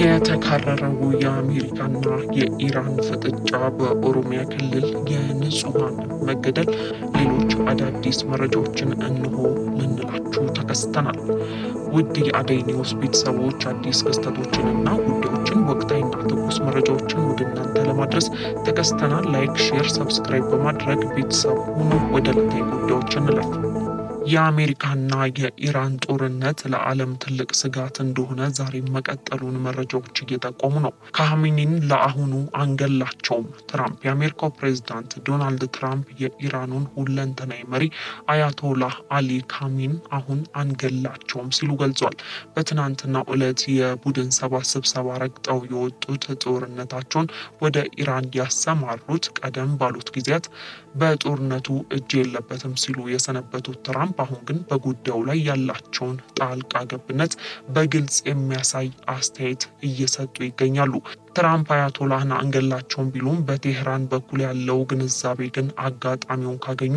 የተካረረው የአሜሪካና የኢራን ፍጥጫ፣ በኦሮሚያ ክልል የንጹሐን መገደል፣ ሌሎች አዳዲስ መረጃዎችን እንሆ ልንላችሁ ተከስተናል። ውድ የአደይ ኒውስ ቤተሰቦች አዲስ እና ጉዳዮችን ወቅታዊና ትኩስ መረጃዎችን ወደ እናንተ ለማድረስ ተከስተናል። ላይክ፣ ሼር፣ ሰብስክራይብ በማድረግ ቤተሰብ ሁኑ። ወደ ዕለታዊ ጉዳዮች እንለፍ። የአሜሪካና የኢራን ጦርነት ለዓለም ትልቅ ስጋት እንደሆነ ዛሬም መቀጠሉን መረጃዎች እየጠቆሙ ነው። ካሚኒን ለአሁኑ አንገላቸውም። ትራምፕ የአሜሪካው ፕሬዚዳንት ዶናልድ ትራምፕ የኢራኑን ሁለንተናዊ መሪ አያቶላህ አሊ ካሚን አሁን አንገላቸውም ሲሉ ገልጿል። በትናንትናው ዕለት የቡድን ሰባት ስብሰባ ረግጠው የወጡት ጦርነታቸውን ወደ ኢራን ያሰማሩት ቀደም ባሉት ጊዜያት በጦርነቱ እጅ የለበትም ሲሉ የሰነበቱት ትራምፕ በአሁን ግን በጉዳዩ ላይ ያላቸውን ጣልቃ ገብነት በግልጽ የሚያሳይ አስተያየት እየሰጡ ይገኛሉ። ትራምፕ አያቶላህን አንገላቸውን ቢሉም በቴህራን በኩል ያለው ግንዛቤ ግን አጋጣሚውን ካገኙ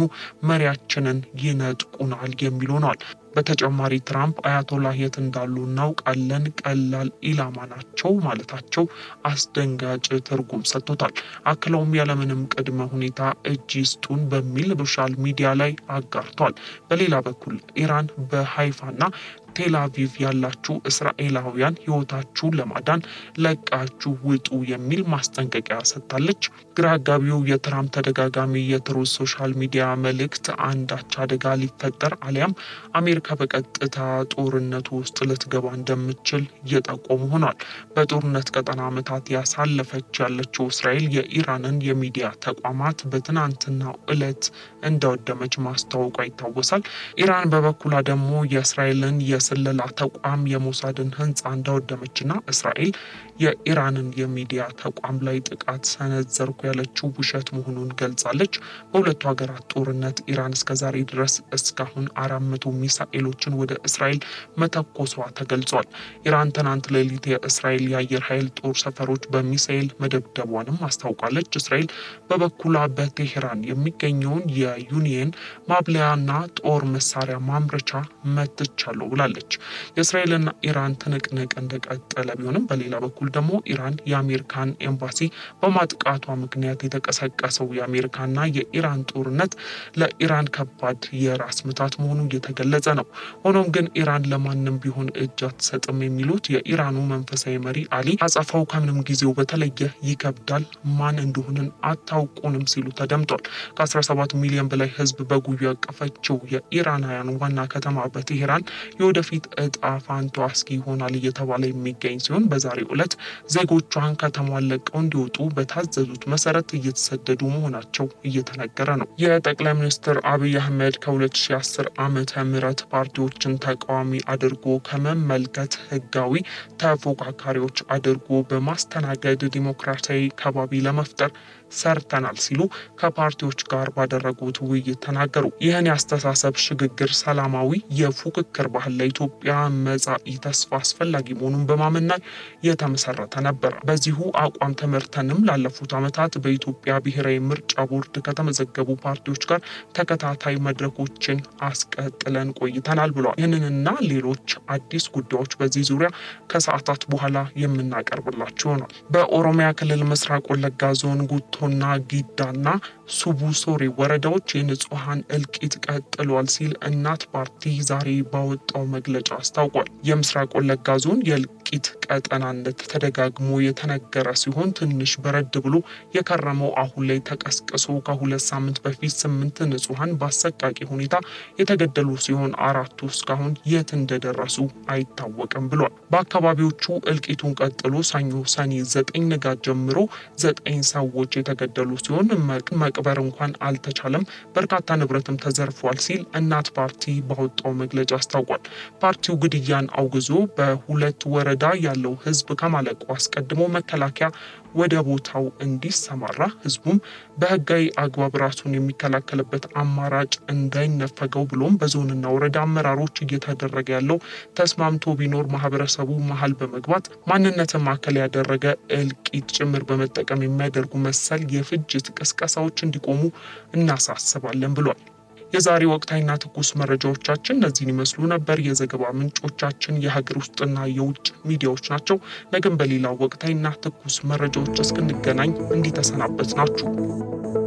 መሪያችንን ይነጥቁናል የሚሉ ነዋል። በተጨማሪ ትራምፕ አያቶላህ የት እንዳሉ እናውቃለን፣ ቀላል ኢላማ ናቸው ማለታቸው አስደንጋጭ ትርጉም ሰጥቶታል። አክለውም ያለምንም ቅድመ ሁኔታ እጅ ይስጡን በሚል ሶሻል ሚዲያ ላይ አጋርቷል። በሌላ በኩል ኢራን በሃይፋና ቴል አቪቭ ያላችሁ እስራኤላውያን ሕይወታችሁን ለማዳን ለቃችሁ ውጡ የሚል ማስጠንቀቂያ ሰጥታለች። ግራ አጋቢው የትራምፕ ተደጋጋሚ የትሩዝ ሶሻል ሚዲያ መልእክት አንዳች አደጋ ሊፈጠር አሊያም አሜሪካ በቀጥታ ጦርነቱ ውስጥ ልትገባ እንደምትችል እየጠቆሙ ሆኗል። በጦርነት ቀጠና ዓመታት ያሳለፈች ያለችው እስራኤል የኢራንን የሚዲያ ተቋማት በትናንትናው ዕለት እንደወደመች ማስታወቋ ይታወሳል። ኢራን በበኩሏ ደግሞ የእስራኤልን የ የስለላ ተቋም የሞሳድን ህንፃ እንዳወደመችና እስራኤል የኢራንን የሚዲያ ተቋም ላይ ጥቃት ሰነዘርኩ ያለችው ውሸት መሆኑን ገልጻለች። በሁለቱ ሀገራት ጦርነት ኢራን እስከዛሬ ድረስ እስካሁን አራት መቶ ሚሳኤሎችን ወደ እስራኤል መተኮሷ ተገልጿል። ኢራን ትናንት ሌሊት የእስራኤል የአየር ኃይል ጦር ሰፈሮች በሚሳኤል መደብደቧንም አስታውቃለች። እስራኤል በበኩሏ በቴሄራን የሚገኘውን የዩኒየን ማብለያና ጦር መሳሪያ ማምረቻ መትቻለሁ ብላል። ትችላለች። የእስራኤልና ኢራን ትንቅንቅ እንደቀጠለ ቢሆንም በሌላ በኩል ደግሞ ኢራን የአሜሪካን ኤምባሲ በማጥቃቷ ምክንያት የተቀሰቀሰው የአሜሪካና የኢራን ጦርነት ለኢራን ከባድ የራስ ምታት መሆኑ እየተገለጸ ነው። ሆኖም ግን ኢራን ለማንም ቢሆን እጅ አትሰጥም የሚሉት የኢራኑ መንፈሳዊ መሪ አሊ አጸፋው ከምንም ጊዜው በተለየ ይከብዳል፣ ማን እንደሆንን አታውቁንም ሲሉ ተደምጧል። ከ17 ሚሊዮን በላይ ህዝብ በጉዩ ያቀፈችው የኢራናውያን ዋና ከተማ በቴሄራን የወደፊት እጣ ፋንቶ አስኪ ይሆናል እየተባለ የሚገኝ ሲሆን በዛሬው ዕለት ዜጎቿን ከተማዋን ለቀው እንዲወጡ በታዘዙት መሰረት እየተሰደዱ መሆናቸው እየተነገረ ነው። የጠቅላይ ሚኒስትር አብይ አህመድ ከ2010 ዓመተ ምህረት ፓርቲዎችን ተቃዋሚ አድርጎ ከመመልከት ህጋዊ ተፎካካሪዎች አድርጎ በማስተናገድ ዲሞክራሲያዊ ከባቢ ለመፍጠር ሰርተናል ሲሉ ከፓርቲዎች ጋር ባደረጉት ውይይት ተናገሩ። ይህን የአስተሳሰብ ሽግግር ሰላማዊ የፉክክር ባህል ላይ ለኢትዮጵያ መጻኢ ተስፋ አስፈላጊ መሆኑን በማመን ላይ የተመሰረተ ነበር። በዚሁ አቋም ተመርተንም ላለፉት ዓመታት በኢትዮጵያ ብሔራዊ ምርጫ ቦርድ ከተመዘገቡ ፓርቲዎች ጋር ተከታታይ መድረኮችን አስቀጥለን ቆይተናል ብሏል። ይህንንና ሌሎች አዲስ ጉዳዮች በዚህ ዙሪያ ከሰዓታት በኋላ የምናቀርብላቸው ነው። በኦሮሚያ ክልል ምስራቅ ወለጋ ዞን ጉቶና ጊዳና ሱቡሶሬ ወረዳዎች የንጹሐን እልቂት ቀጥሏል ሲል እናት ፓርቲ ዛሬ ባወጣው መግለጫ አስታውቋል። የምስራቅ ወለጋ ዞን የእልቂት ቀጠናነት ተደጋግሞ የተነገረ ሲሆን ትንሽ በረድ ብሎ የከረመው አሁን ላይ ተቀስቅሶ ከሁለት ሳምንት በፊት ስምንት ንጹሐን በአሰቃቂ ሁኔታ የተገደሉ ሲሆን አራቱ እስካሁን የት እንደደረሱ አይታወቅም ብሏል። በአካባቢዎቹ እልቂቱን ቀጥሎ ሰኞ ሰኔ ዘጠኝ ንጋት ጀምሮ ዘጠኝ ሰዎች የተገደሉ ሲሆን መቅበር እንኳን አልተቻለም፣ በርካታ ንብረትም ተዘርፏል ሲል እናት ፓርቲ ባወጣው መግለጫ አስታውቋል። ፓርቲው ግድያን አውግዞ በሁለት ወረዳ ያለው ህዝብ ከማለቁ አስቀድሞ መከላከያ ወደ ቦታው እንዲሰማራ ህዝቡም በህጋዊ አግባብ ራሱን የሚከላከልበት አማራጭ እንዳይነፈገው ብሎም በዞንና ወረዳ አመራሮች እየተደረገ ያለው ተስማምቶ ቢኖር ማህበረሰቡ መሀል በመግባት ማንነትን ማዕከል ያደረገ እልቂት ጭምር በመጠቀም የሚያደርጉ መሰል የፍጅት ቅስቀሳዎች ። እንዲቆሙ እናሳስባለን ብሏል። የዛሬ ወቅታዊና ትኩስ መረጃዎቻችን እነዚህን ይመስሉ ነበር። የዘገባ ምንጮቻችን የሀገር ውስጥና የውጭ ሚዲያዎች ናቸው። ነገም በሌላ ወቅታዊና ትኩስ መረጃዎች እስክንገናኝ እንዲተሰናበት ናችሁ።